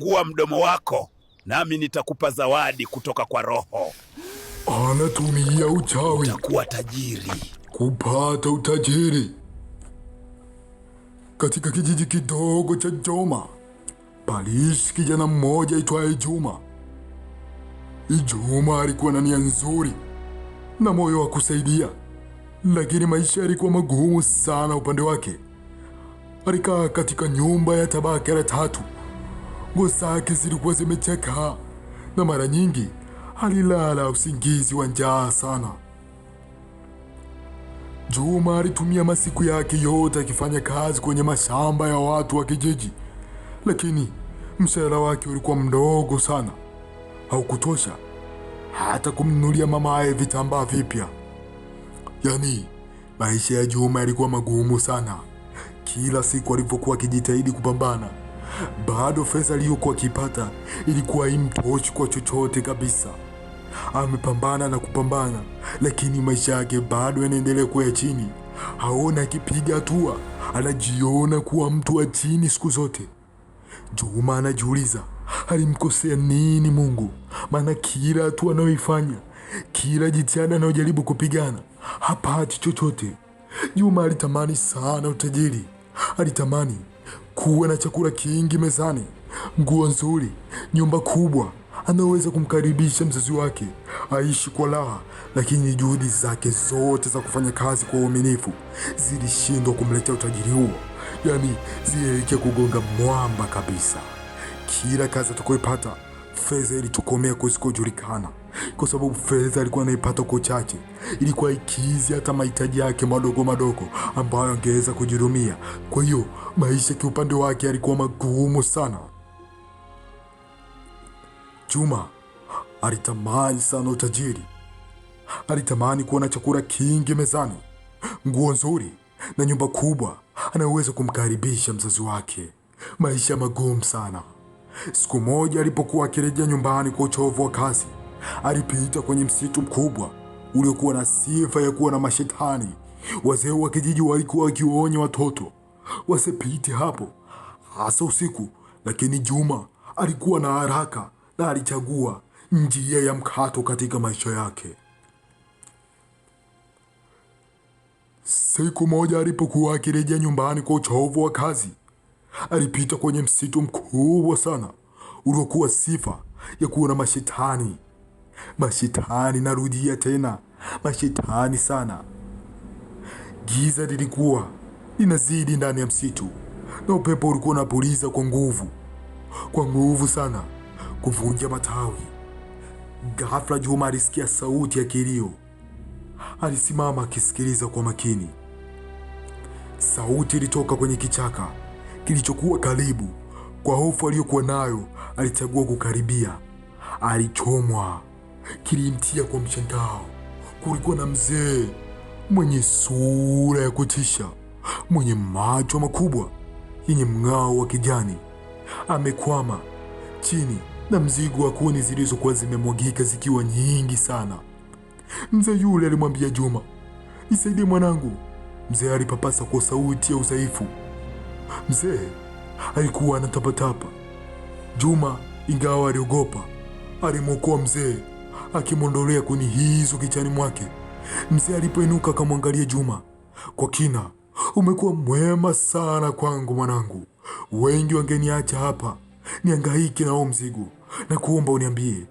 Fungua mdomo wako nami nitakupa zawadi kutoka kwa roho. Anatumia uchawi. Utakuwa tajiri. Kupata utajiri katika kijiji kidogo cha Joma paliishi kijana mmoja aitwaye Juma. ijuma alikuwa na nia nzuri na moyo wa kusaidia, lakini maisha yalikuwa magumu sana upande wake. Alikaa katika nyumba ya tabaka la tatu nguo zake zilikuwa zimecheka na mara nyingi alilala usingizi wa njaa sana. Juma alitumia masiku yake yote akifanya kazi kwenye mashamba ya watu wa kijiji, lakini mshahara wake ulikuwa mdogo sana, haukutosha hata kumnunulia mamaye vitambaa vipya. Yaani maisha ya Juma yalikuwa magumu sana. Kila siku alivyokuwa akijitahidi kupambana bado fedha aliyokuwa akipata ilikuwa imtoshi kwa chochote kabisa. Amepambana na kupambana, lakini maisha yake bado yanaendelea kuwa ya chini. Haona akipiga hatua, anajiona kuwa mtu wa chini siku zote. Juma anajiuliza alimkosea nini Mungu, maana kila hatua anayoifanya, kila jitihada anayojaribu kupigana hapati chochote. Juma alitamani sana utajiri, alitamani kuwa na chakula kingi mezani, nguo nzuri, nyumba kubwa anaweza kumkaribisha mzazi wake aishi kwa raha, lakini juhudi zake zote za kufanya kazi kwa uaminifu zilishindwa kumletea utajiri huo. Yaani zilielekea kugonga mwamba kabisa. Kila kazi atakayoipata fedha ilitukomea kusikojulikana, kwa sababu fedha alikuwa anaipata kwa uchache. Ilikuwa ikiizi hata mahitaji yake madogo madogo ambayo angeweza kujirumia. Kwa hiyo maisha kiupande wake alikuwa magumu sana. Juma alitamani sana utajiri, alitamani kuona chakula kingi mezani, nguo nzuri na nyumba kubwa anayoweza kumkaribisha mzazi wake. Maisha magumu sana. Siku moja alipokuwa akirejea nyumbani kwa uchovu wa kazi, alipita kwenye msitu mkubwa uliokuwa na sifa ya kuwa na mashetani. Wazee wa kijiji walikuwa wakiwaonya watoto wasipite hapo, hasa usiku, lakini Juma alikuwa na haraka na alichagua njia ya mkato katika maisha yake. Siku moja alipokuwa akirejea nyumbani kwa uchovu wa kazi, alipita kwenye msitu mkubwa sana uliokuwa sifa ya kuona mashetani. Mashetani, narudia tena, mashetani sana. Giza lilikuwa linazidi ndani ya msitu na upepo ulikuwa unapuliza kwa nguvu, kwa nguvu sana kuvunja matawi. Ghafla Juma alisikia sauti ya kilio. Alisimama akisikiliza kwa makini. Sauti ilitoka kwenye kichaka kilichokuwa karibu. Kwa hofu aliyokuwa nayo, alichagua kukaribia. Alichomwa, kilimtia kwa mshangao. Kulikuwa na mzee mwenye sura ya kutisha, mwenye macho makubwa yenye mng'ao wa kijani, amekwama chini na mzigo wa kuni zilizokuwa zimemwagika zikiwa nyingi sana. Mzee yule alimwambia Juma, nisaidie mwanangu. Mzee alipapasa kwa sauti ya udhaifu. Mzee alikuwa tapatapa Juma, ingawa aliogopa, alimwokoa mzee akimwondolea kuni hizo kichani mwake. Mzee alipoinuka akamwangalia Juma kwa kina. Umekuwa mwema sana kwangu mwanangu, wengi wangeniacha hapa niangaike nao mzigo, na kuomba uniambie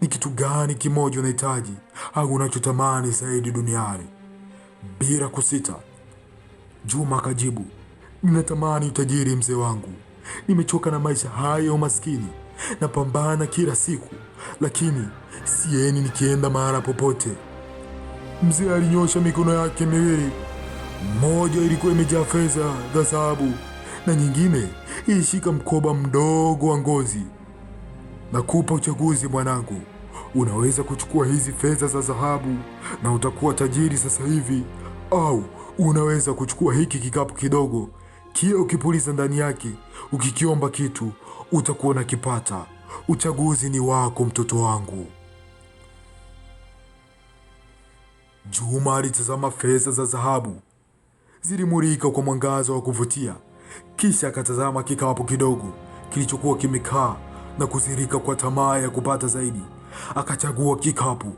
ni kitu gani kimoja unahitaji au unachotamani zaidi duniani? Bila kusita, Juma akajibu Ninatamani utajiri mzee wangu, nimechoka na maisha haya ya umaskini. Napambana kila siku, lakini sieni nikienda mahala popote. Mzee alinyosha mikono yake miwili, mmoja ilikuwa imejaa fedha za dhahabu na nyingine ilishika mkoba mdogo wa ngozi. Nakupa uchaguzi mwanangu, unaweza kuchukua hizi fedha za dhahabu na utakuwa tajiri sasa hivi, au unaweza kuchukua hiki kikapu kidogo kila ukipuliza ndani yake, ukikiomba kitu utakuwa unakipata. Uchaguzi ni wako, mtoto wangu. Juma alitazama fedha za dhahabu, zilimurika kwa mwangaza wa kuvutia, kisha akatazama kikapu kidogo kilichokuwa kimekaa na kuzirika kwa tamaa ya kupata zaidi. Akachagua kikapu,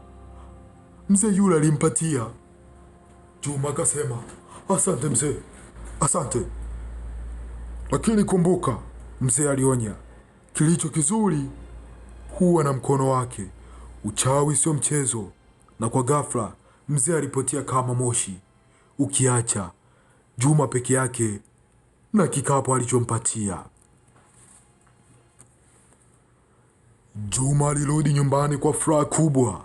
mzee yule alimpatia Juma. Akasema, asante mzee, asante. Lakini kumbuka, mzee alionya, kilicho kizuri huwa na mkono wake. Uchawi sio mchezo. Na kwa ghafla mzee alipotea kama moshi, ukiacha Juma peke yake na kikapu alichompatia. Juma alirudi nyumbani kwa furaha kubwa.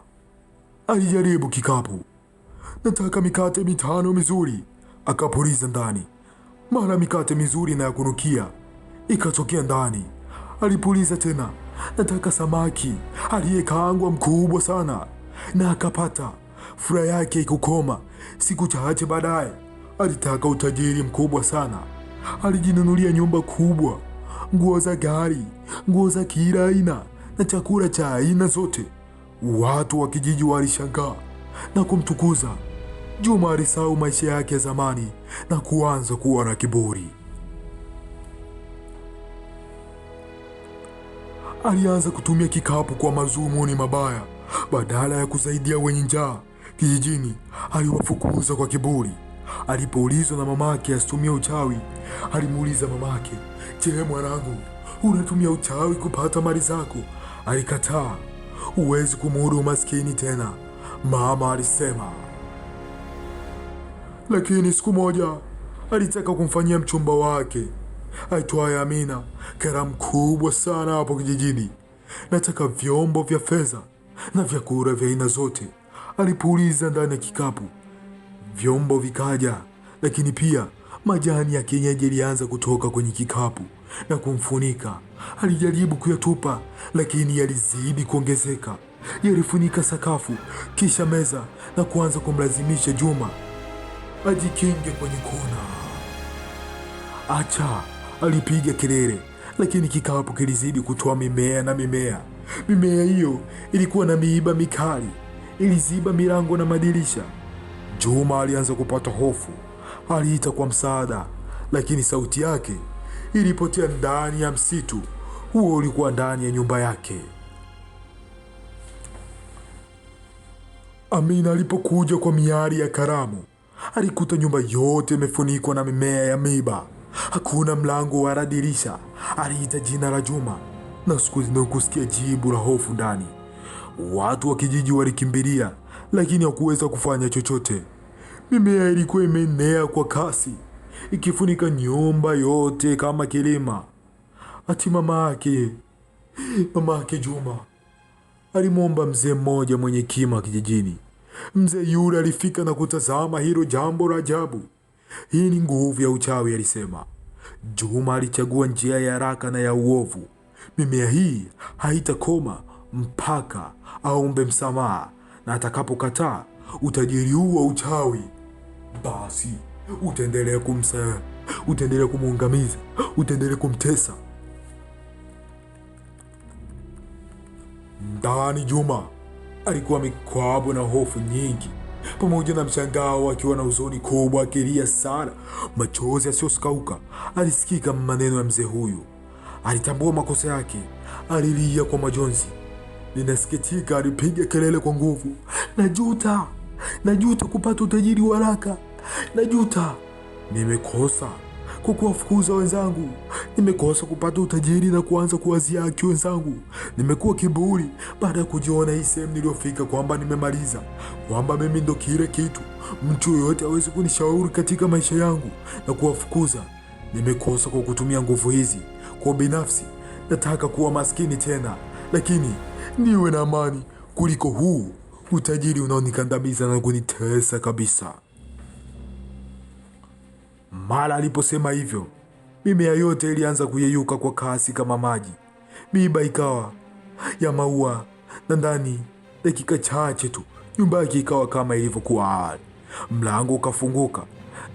Alijaribu kikapu, nataka mikate mitano mizuri, akapuliza ndani mara mikate mizuri na ya kunukia ikatokea ndani. Alipuliza tena, nataka samaki aliyekaangwa mkubwa sana, na akapata. Furaha yake ikukoma. Siku chache baadaye alitaka utajiri mkubwa sana, alijinunulia nyumba kubwa, nguo za gari, nguo za kila aina na chakula cha aina zote. Watu wa kijiji walishangaa na kumtukuza. Juma alisahau maisha yake ya zamani na kuanza kuwa na kiburi. Alianza kutumia kikapu kwa mazumuni mabaya. Badala ya kusaidia wenye njaa kijijini, aliwafukuza kwa kiburi. Alipoulizwa na mamake asitumie uchawi, alimuuliza mamake, je, mwanangu, unatumia uchawi kupata mali zako? Alikataa. Huwezi kumudu umaskini tena, mama alisema. Lakini siku moja alitaka kumfanyia mchumba wake aitwaye Amina karamu kubwa sana hapo kijijini. Nataka vyombo vya fedha na vyakula vya aina zote, alipuuliza ndani ya kikapu. Vyombo vikaja, lakini pia majani ya kienyeji yalianza kutoka kwenye kikapu na kumfunika. Alijaribu kuyatupa, lakini yalizidi kuongezeka, yalifunika sakafu, kisha meza na kuanza kumlazimisha Juma ajikinge kwenye kona. Acha, alipiga kelele, lakini kikapu kilizidi kutoa mimea na mimea. Mimea hiyo ilikuwa na miiba mikali, iliziba milango na madirisha. Juma alianza kupata hofu. Aliita kwa msaada, lakini sauti yake ilipotea ndani ya msitu huo. Ulikuwa ndani ya nyumba yake. Amina alipokuja kwa miari ya karamu Alikuta nyumba yote imefunikwa na mimea ya miba, hakuna mlango wala dirisha. Aliita jina la Juma na siku kusikia jibu la hofu ndani. Watu wa kijiji walikimbilia, lakini hakuweza kufanya chochote. Mimea ilikuwa imeenea kwa kasi ikifunika nyumba yote kama kilima. Ati mama yake mama yake Juma alimwomba mzee mmoja mwenye kima kijijini Mzee yule alifika na kutazama hilo jambo la ajabu. Hii ni nguvu ya uchawi, alisema. Juma alichagua njia ya haraka na ya uovu. Mimea hii haitakoma mpaka aombe msamaha, na atakapokataa utajiri huu wa uchawi, basi utaendelea kumsa, utaendelea kumuangamiza, utaendelea kumtesa ndani. Juma Alikuwa mikwabu na hofu nyingi pamoja na mshangao, akiwa na huzuni kubwa, akilia sana, machozi asiyosikauka. Alisikika maneno ya mzee huyu, alitambua makosa yake, alilia kwa majonzi. Ninasikitika, alipiga kelele kwa nguvu, najuta, najuta kupata utajiri wa haraka, najuta nimekosa kwa kuwafukuza wenzangu. Nimekosa kupata utajiri na kuanza kuwazia haki wenzangu. Nimekuwa kiburi baada ya kujiona hii sehemu niliyofika, kwamba nimemaliza, kwamba mimi ndo kile kitu, mtu yoyote hawezi kunishauri katika maisha yangu na kuwafukuza. Nimekosa kwa kutumia nguvu hizi. Kwa binafsi, nataka kuwa maskini tena, lakini niwe na amani kuliko huu utajiri unaonikandamiza na kunitesa kabisa. Mara aliposema hivyo Mimea yote ilianza kuyeyuka kwa kasi kama maji, miiba ikawa ya maua, na ndani dakika chache tu nyumba yake ikawa kama ilivyokuwa awali. Mlango ukafunguka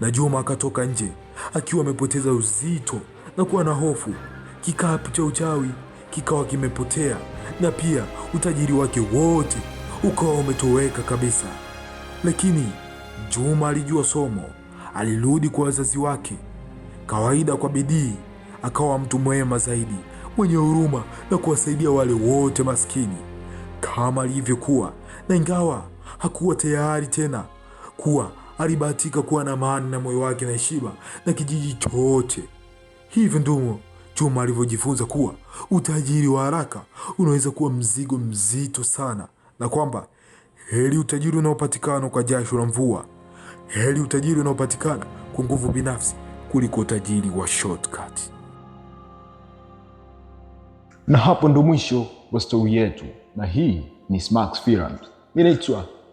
na Juma akatoka nje akiwa amepoteza uzito na kuwa na hofu. Kikapu cha uchawi kikawa kimepotea na pia utajiri wake wote ukawa umetoweka kabisa. Lakini Juma alijua somo, alirudi kwa wazazi wake kawaida kwa bidii, akawa mtu mwema zaidi, mwenye huruma na kuwasaidia wale wote maskini kama alivyokuwa, na ingawa hakuwa tayari tena kuwa, alibahatika kuwa na amani na moyo wake na heshima na kijiji chote. Hivyo ndumo Juma alivyojifunza kuwa utajiri wa haraka unaweza kuwa mzigo mzito sana, na kwamba heri utajiri unaopatikana kwa jasho la mvua, heri utajiri unaopatikana kwa nguvu binafsi kuliko utajiri wa shortcut. Na hapo ndo mwisho wa stori yetu, na hii ni Smax Films.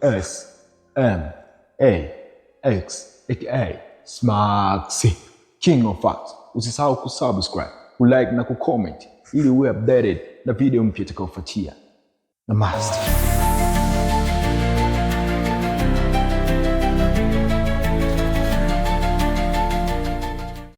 A SMAX aka Smax King of Facts. Usisahau kusubscribe, kulike na kucomment ili uwe updated na video mpya itakayofuatia. Namaste.